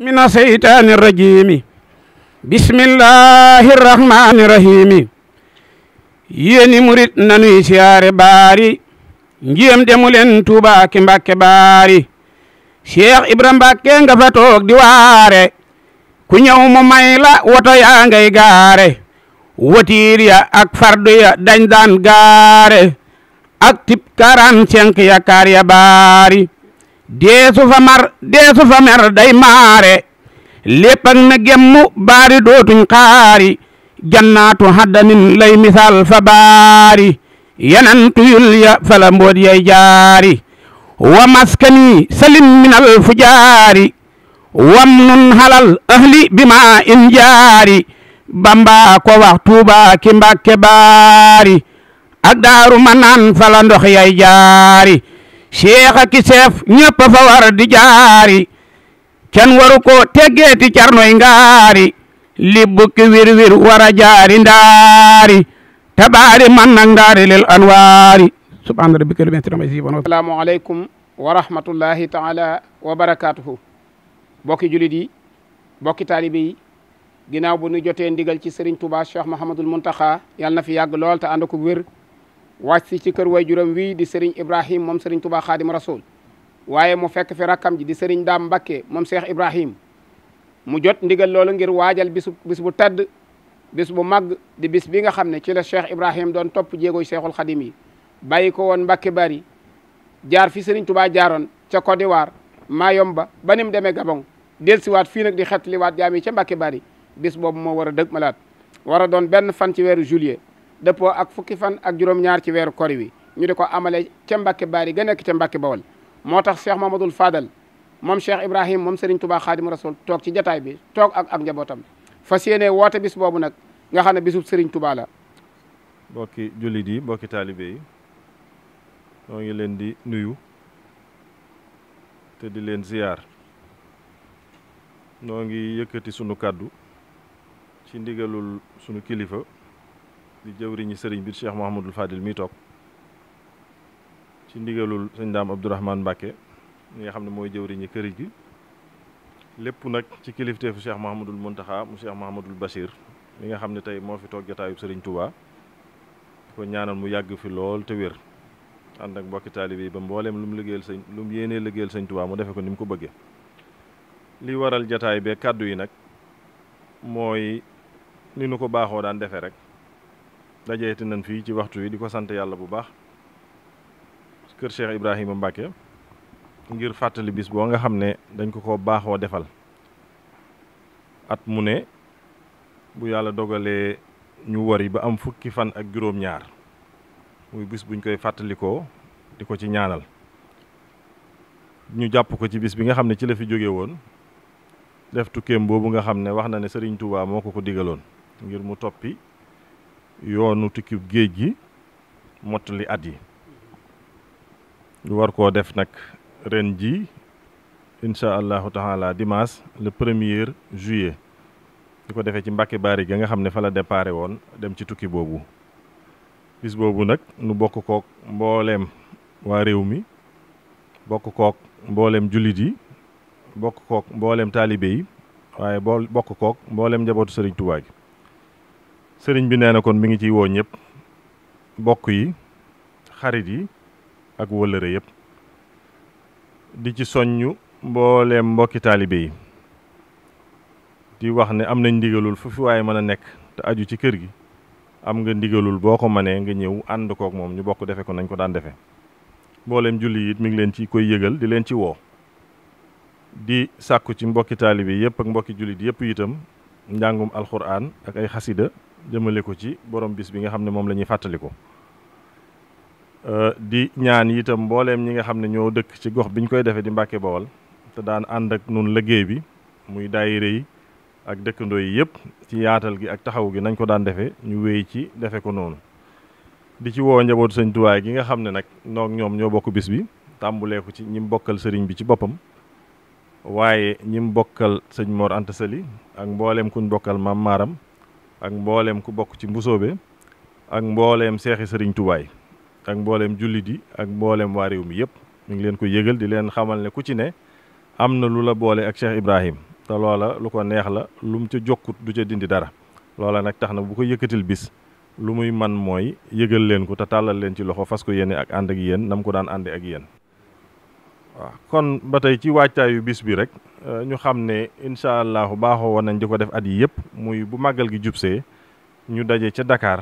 من الشيطان الرجيم بسم الله الرحمن nanuy siyaare baari njiyam demu leen Tuuba ki baari Cheikh Ibra Mbàkke nga fa toog di ku ñëw mu may la woto yaa ngay gaare wotiir ak fardu ya dañ daan gaare ak tip quarante-cinq ya baari deesu fa mar deesu fa mer day maare lépp na gemmu baari dootuñ xaari jannaatu haddanin lay misaal fa baari yanantuyul ya fala mboot yay jaari wa maskani salim minal fu jaari wam nun halal ahli bima in jaari bamba ko wax ki mbàkke baari ak daaru manaan fala ndox yay jaari cheikh ak i seef ñëpp fa war di jaari kenn waru ko teggeeti carnoy ngaari li bukki wir wir war jaari ndaari tabaari man nag ndaari lil anwaari subhaana rabbika rabbil izzati amma yasifuun assalaamu wa rahmatullahi taala wa barakaatuhu bokki julit yi bokki taalibe yi ginnaaw bu nu jotee ndigal ci Serigne Touba Cheikh Mouhamadoul Mountakha na fi yàgg lool te ànd ko wér wàcc si ci kër waajuram wii di Serigne Ibrahim moom Serigne Touba Khadim Rasoul waaye mu fekk fi rakkam ji di Serigne Daam Mbakke moom Cheikh Ibrahim mu jot ndigal loolu ngir waajal bis bis bu tedd bis bu màgg di bis bi nga xam ne ci la Cheikh Ibrahim doon topp jéegoy Cheikhul Khadim yi bàyyi ko woon Mbakke bari jaar fi Serigne Touba jaaroon ca Côte d'Ivoire Mayomba ba ni mu demee Gabon dellusiwaat fii nag di xetliwaat jaam yi ca Mbakke bari bis boobu moo war a dëgmalaat war a doon benn fan ci weeru juillet. dëppoo ak fukki fan ak juróom-ñaar ci weeru kori wi ñu di ko amale ca baar yi ga nekk ca Mbàkke Bawol moo tax Cheikh Mamadul Fadal moom Cheikh Ibrahim moom Serigne Touba Xaadimu Rasul toog ci jataay bi toog ak ak njabootam fas yéene woote bis boobu nag nga xam ne bisub Serigne Touba la. mbokki jullit yi mbokki taalibe yi ñoo ngi leen di nuyu te di leen ziyaar ñoo ngi yëkkati sunu kàddu ci ndigalul sunu kilifa. di jëwriñu sëriñ bi Cheikh Mouhamadul Fadil mi toog ci ndigalul sëñ daam Abdourahman Mbacke mi nga xam ne mooy jëwriñu kër gi lépp nag ci kilifteefu Cheikh Mouhamadul Mountakha mu Cheikh Mouhamadul Bachir mi nga xam ne tey moo fi toog jataayub sëriñ Touba ko ñaanal mu yàgg fi lool te wér ànd ak mbokki taalibe ba mbooleem lu mu liggéeyal sëñ lu mu yéenee liggéeyal sëñ Touba mu defe ko ni mu ko bëggee lii waral jataay bee kàddu yi nag mooy ni nu ko baaxoo daan defee rek dajeeti nañ fii ci waxtu wi di ko sant yàlla bu baax kër Cheikh Ibrahima Mbacke ngir fàttali bis boo nga xam ne dañ ko ko baaxoo defal at mu ne bu yàlla dogalee ñu wari ba am fukki fan ak juróom-ñaar muy bis buñ koy fàttalikoo di ko ci ñaanal ñu jàpp ko ci bis bi nga xam ne ci la fi jóge woon def tukkeem boobu nga xam ne wax na ne Serigne Touba moo ko ko digaloon ngir mu toppi yoonu tukki géej gi motali at yi war koo def nag ren ji incha allahu taala dimanche le premier juillet di ko defee ci Mbàkke Baari ga nga xam ne fa la déparé woon dem ci tukki boobu bis boobu nag nu bokk kook mbooleem waa réew mi bokk kook mbooleem julit yi bokk kook mbooleem taalibe yi waaye bokk kook mbooleem njabootu Sëriñ Tuubaa sëriñ bi nee na kon mi ngi ciy woo ñëpp bokk yi xarit yi ak wëllëre yëpp di ci soññ mbooleem mbokki taalibe yi di wax ne am nañ ndigalul fu fi waaye mën a nekk te aju ci kër gi am nga ndigalul boo ko mënee nga ñëw ànd kook moom ñu bokk defe ko nañ ko daan defee mbooleem julli it mi ngi leen ci koy yëgal di leen ci woo di sàkku ci mbokki taalibe yëpp ak mbokki jullit yëpp itam njàngum alxuraan ak ay xasida jëmale ko ci borom bis bi nga xam ne moom la ñuy fàttaliku euh, di ñaan itam mbooleem ñi nga xam ne ñoo dëkk ci gox bi ñu koy defee di Mbàkke Bawal te daan ànd ak nun liggéey bi muy daayira yi ak dëkkandoo yi yëpp ci yaatal gi ak taxaw gi nañ ko daan defee ñu wéy ci defe ko noonu di ci woo njabootu sëñ Tuubaa gi nga xam ne nag noog ñoom ñoo bokk bis bi tàmbulee ko ci ñim bokkal sëriñ bi ci boppam waaye ñim bokkal sëñ Mor Anta Sali ak mbooleem kuñ bokkal maam Maaram ak mbooleem ku bokk ci mbusoobe ak mbooleem seexi sëriñ tubaay ak mbooleem jullit yi ak mbooleem waa réew mi yëpp ñu ngi leen ko yëgal di leen xamal ne ku ci ne am na lu la boole ak Cheikh Ibrahim te loola lu ko neex la lu mu ca jokkut du ca dindi dara loola nag tax na bu ko yëkkatil bis lu muy man mooy yëgal leen ko te tàllal leen ci loxo fas ko yéene ak ànd ak yéen nam ko daan ànde ak yéen waaw kon ba tey ci waajtaayu bis bi rek euh, ñu xam ne incha allahu baaxoo woon nañ di ko def at yi yëpp muy bu màggal gi jubsee ñu daje ca dakaar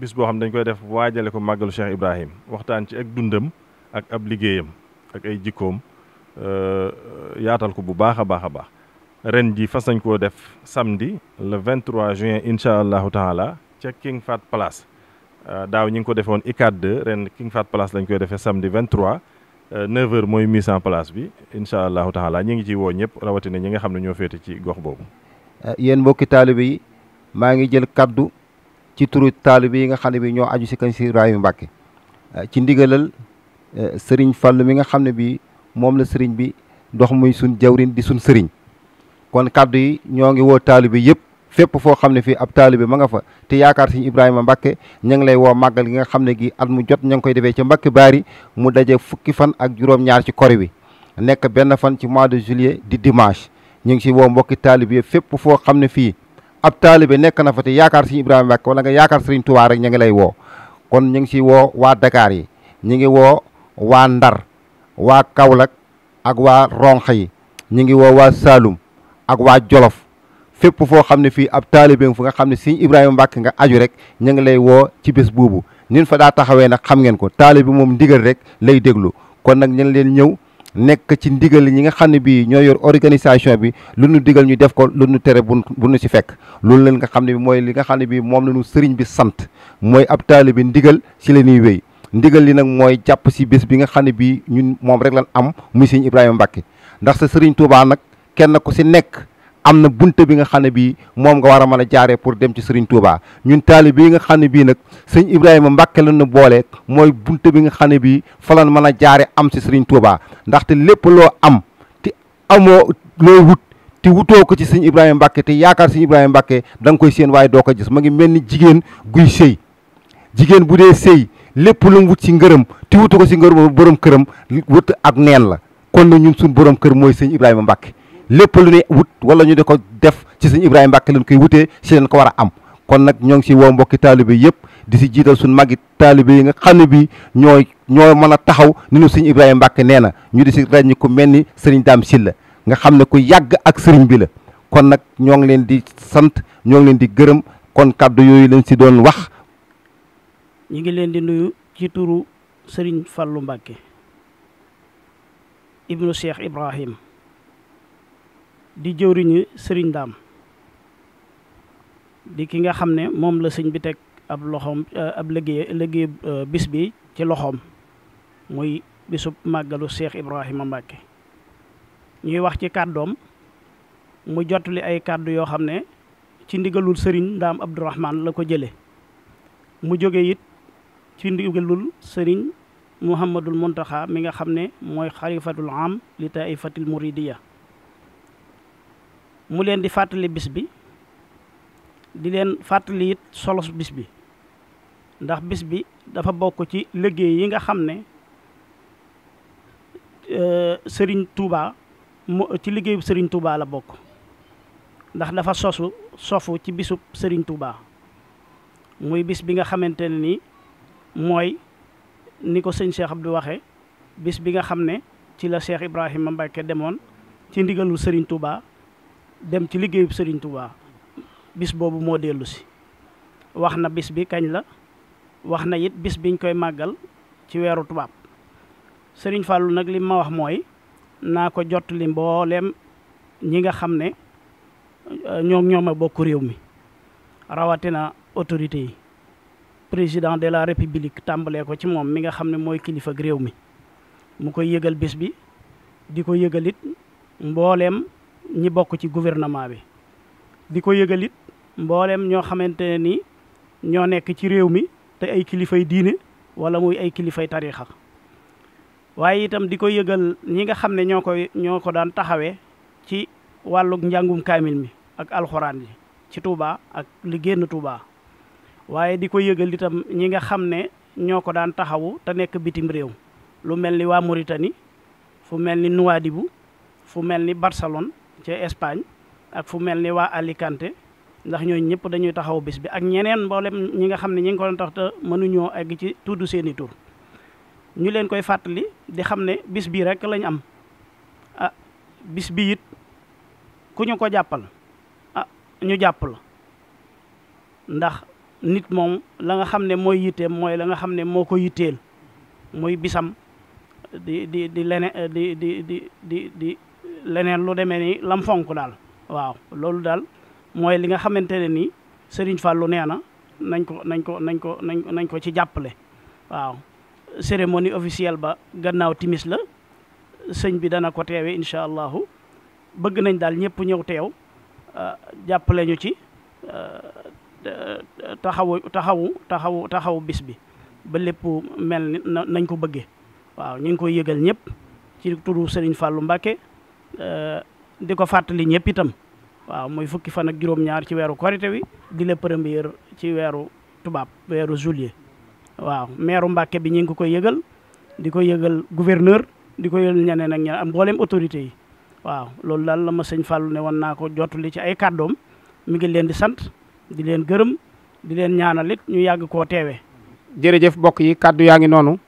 bis boo xam dañ koy def waajale ko màggalu Cheikh Ibrahim waxtaan ci ak dundam ak ab liggéeyam ak ay jikkoom euh, yaatal ko bu baax a baax a baax ren ji fas dañ koo def samedi le 23 juin incha allahu taala ca King Fat Place euh, daaw ñi ngi ko defoon ICAD 2 ren King Fat palace lañ koy defee samedi 23. Euh, neuf heures mooy mise en place bi incha allahu taala ñu ngi ciy woo ñëpp rawatina ñi nga xam ne ñoo féete ci gox boobu. Euh, yéen mbokki taalibe yi maa ngi jël kaddu ci turu taalibe yi nga xam ne bi ñoo aju si kañ si Ibrahima Mbacke euh, ci ndigalal sëriñ Fallu mi nga xam ne bi moom la sëriñ bi ndox muy suñ jawrin di suñ sëriñ kon kaddu yi ñoo ngi woo taalibe yëpp. fépp foo xam ne fii ab taalibe ma nga fa te yaakaar sëñ Ibrahima Mbacke ña ngi lay woo màggal gi nga xam ne gi at mu jot ña ngi koy defee ci Mbacke baari mu daje fukki fan ak juróom-ñaar ci kori wi nekk benn fan ci mois de juillet di dimanche ñu ngi si woo mbokki taalibe fépp foo xam ne fii ab taalibe nekk na fa te yaakaar sëñ Ibrahima Mbacke wala nga yaakaar sëriñ Touba rek ña ngi lay woo kon ñu ngi si woo waa dakaar yi ñu ngi woo waa Ndar waa Kaolack ak waa Ronx yi ñu ngi woo waa ak waa Jolof fépp foo xam ne fii ab taalibe fu nga xam ne sëñ Ibrahima Mbacke nga aju rek ñu ngi lay woo ci bés boobu nin fa daa taxawee nag xam ngeen ko taalibe moom ndigal rek lay déglu kon nag ñu ngi leen ñëw nekk ci ndigal ñi nga xam ne bii ñoo yor organisation bi lu nu digal ñu def ko lu nu tere bu nu si fekk loolu leen nga xam ne bi mooy li nga xam ne bii moom la ñu sëriñ bi sant mooy ab taalibe ndigal si la ñuy wéy ndigal li nag mooy jàpp si bés bi nga xam ne bii ñun moom rek lan am muy sëñ Ibrahima Mbacke ndax sa sëriñ nag kenn ku si nekk am na bunte bi nga xam ne bii moom nga war a mën a jaaree pour dem ci Serigne Touba ñun taalibe nga xam ne bii nag sëñ Ibrahima mbakke la ñu boole mooy bunte bi nga xam ne bii fa la mën a jaare am si Serigne Touba ndaxte lépp loo am te amoo loo wut te wutoo ko ci sëñ Ibrahima Mbàkke te yaakaar sëñ Ibrahima Mbàkke da nga koy séen waaye doo ko gis ma ngi mel ni jigéen guy sëy jigéen bu dee sëy lépp lu mu wut si ngërëm te wutu ko si ngërëm borom këram wut ak neen la kon na ñun suñ borom kër mooy sëñ Ibrahima Mbàkke lepp lu ne wut wala ñu diko def ci seigne ibrahim mbacke leen koy wuté ci ko wara am kon nyong ñong ci si mbokk talibé yépp di ci jital sun magi talibé yi nga xamni bi ñoy ñoy mëna taxaw ni ñu seigne ibrahim mbacke nee ñu di si ràññi ku melni seigne dam sil nga xamne ku yagg ak seigne bi la kon nak ñong di sant ñong ngi leen di gërëm kon kaddu yooyu lañ ci doon wax ñi ngi leen di nuyu ci turu fallu mbacke ibnu Cheikh Ibrahim di jëwriñu sëriñ daam di ki nga xam ne moom la sëñ bi teg ab loxoom eh, ab liggéey liggéey eh, bis bi ci loxoom muy bisu màggalu Cheikh Ibrahima Mbacke ñuy wax ci kàddoom mu jotuli ay kàddu yoo xam ne ci ndigalul sëriñ Ndaam Abdourahman la ko jële mu jóge it ci ndigalul sëriñ Mouhamadul Muntaxa mi nga xam ne mooy xalifatul am li taifatil muridiya mu leen di fàttali bis bi di leen fàttali it solos bis bi ndax bis bi dafa bokk ci liggéey yi nga xam ne e, sëriñ Touba mu ci liggéeyu sëriñ Touba la bokk ndax dafa sosu sofu ci bisub sëriñ Touba muy bis bi nga xamante ne ni mooy ni ko sëñ Cheikh Abdou waxe bis bi nga xam ne ci la Cheikh Ibrahima Mbacke demoon ci ndigalul sëriñ Touba. dem ci liggéeyub Serigne Touba bis boobu moo dellu si wax na bis bi kañ la wax na it bis biñ koy màggal ci weeru tubaab sëriñ Fallou nag li ma wax mooy naa ko jot li mbooleem ñi nga xam ne euh, ñoom ñoom bokk réew mi rawatina autorité yi président de la république tàmbalee ko ci moom mi nga xam ne mooy kilifa ak réew mi mu koy yëgal bis bi di ko yëgalit mbooleem ñi bokk ci gouvernement bi di ko yëgalit mboolem ñoo xamante ni ñoo nekk ci réew mi te ay kilifay diine wala muy ay kilifay tariixa waaye itam di ko yëgal ñi nga xam ne ñoo koy ñoo ko daan taxawee ci wàllu njàngum kaamil mi ak alxuraan ji ci Touba ak li génn Touba waaye di ko yëgal itam ñi nga xam ne ñoo ko daan taxawu te nekk bitim réew lu mel ni waa Mauritanie fu mel ni Nouadhibou fu mel ni Barcelone ci Espagne ak fu mel ni waa Alicante ndax ñooñu ñëpp dañuy taxaw bis bi ak ñeneen mboolem ñi nga xam ne ñi ngi ko doon tax te mënuñoo egg ci tudd seeni tuur ñu leen koy fàttali di xam ne bis bii rek lañ am ah bis bi it ku ñu ko jàppal ah ñu jàpp la ndax nit moom la nga xam ne mooy yitteem mooy la nga xam ne moo ko yitteel mooy bisam di di di lene di di di di di leneen lu demee ni lam fonk daal waaw loolu daal mooy li nga xamante ne ni Serigne fàllu nee na nañ ko nañ ko nañ ko nañ nañ ko ci jàppale waaw cérémonie officielle ba gannaaw timis la sëñ bi dana ko teewe incha allahu bëgg nañ daal ñëpp ñëw teew euh, jàppale ñu ci euh, taxawu taxawu taxawu taxawu bis bi ba lépp mel ni nañ ko bëggee waaw ñu ngi koy yëgal ñëpp ci turu sëriñ fàllu Mbacké di ko fàttali ñëpp itam waaw mooy fukki fan ak juróom-ñaar ci weeru korité wi di le premier ci weeru tubaab weeru juillet waaw meeru Mbàkke bi ñu ngi koy yëgal di ko yëgal gouverneur di ko yëgal ñeneen ak ñeneen am mboolem autorité yi waaw loolu daal la ma sëñ Fallou ne woon naa ko jottali ci ay kàddoom mi ngi leen di sant di leen gërëm di leen ñaanal it ñu yàgg koo teewe jërëjëf mbokk yi kàddu yaa ngi noonu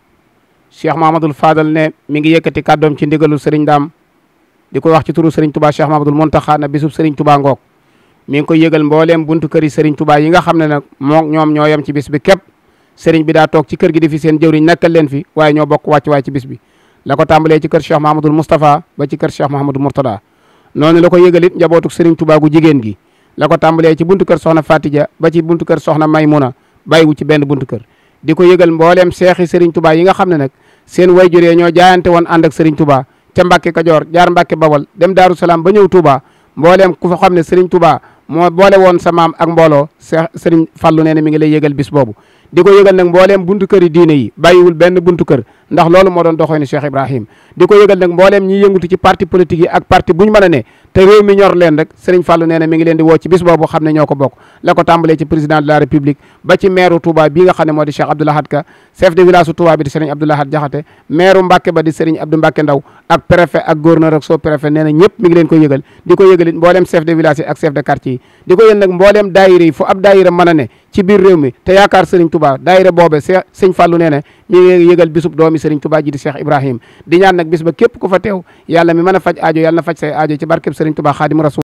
Cheikh Mahamadul Fadal ne mi ngi yëkkati kàddoom ci ndigalul sëriñ Daam di ko wax ci turu Serigne Touba Cheikh Mamadou Mountakha na bisub Serigne Touba ngoog mi ko koy yëgal mbooleem buntu kër yi Serigne Touba yi nga xam ne nag moo ñoom ñoo yem ci bis bi képp Serigne bi daa toog ci kër gi di fi seen jëwriñ nakkal leen fi waaye ñoo bokk wàcc waay bis bi la ko tàmbalee ci kër Cheikh Mahamadul Moustapha ba ci kër Cheikh Mahamadou Mourtada noonu la ko yëgal it njabootuk Serigne Touba gu jigéen gi la ko tàmbalee ci buntu kër soxna Fatija ba ci buntu kër soxna Maymuna bàyyiwu ci benn buntu kër di ko yëgal mbooleem seexi Serigne Touba yi nga xam ne nag seen way juree ñoo jaayante woon ànd ak Serigne ca Mbàkke Kajoor jaar Mbàkke Bawol dem Daaru Salaam ba ñëw Touba mbooleem ku fa xam ne Serigne Touba moo boole woon sa maam ak mbooloo Serigne Fallou nee ne mi ngi lay yëgal bis boobu di ko yëgal mbooleem buntu yi diine yi bàyyiwul benn buntu ndax loolu moo doon doxoy ni Cheikh Ibrahim di ko yëgal nag mbooleem ñi yëngatu ci parti politique yi ak parti bu ñu ne te réew mi ñor leen rek Serigne Fallou nee na di woo ci bis boobu xam ne ñoo ko bokk la ko tàmbalee ci président de la république ba ci maire Touba bii nga xam ne moo di Cheikh Abdou Lahad Ka chef de village Touba bi di Serigne Abdou Lahad Jaxate maire Mbacke Touba daayira boobe se sëñ Fallou nee ne ñu bisub doomi Serigne Touba ji di Cheikh Ibrahim di ñaan nag bis ba ku fa teew yàlla mi mën faj aajo yàlla na faj say aajo ci barkeb Serigne Touba Xaadimu Rasul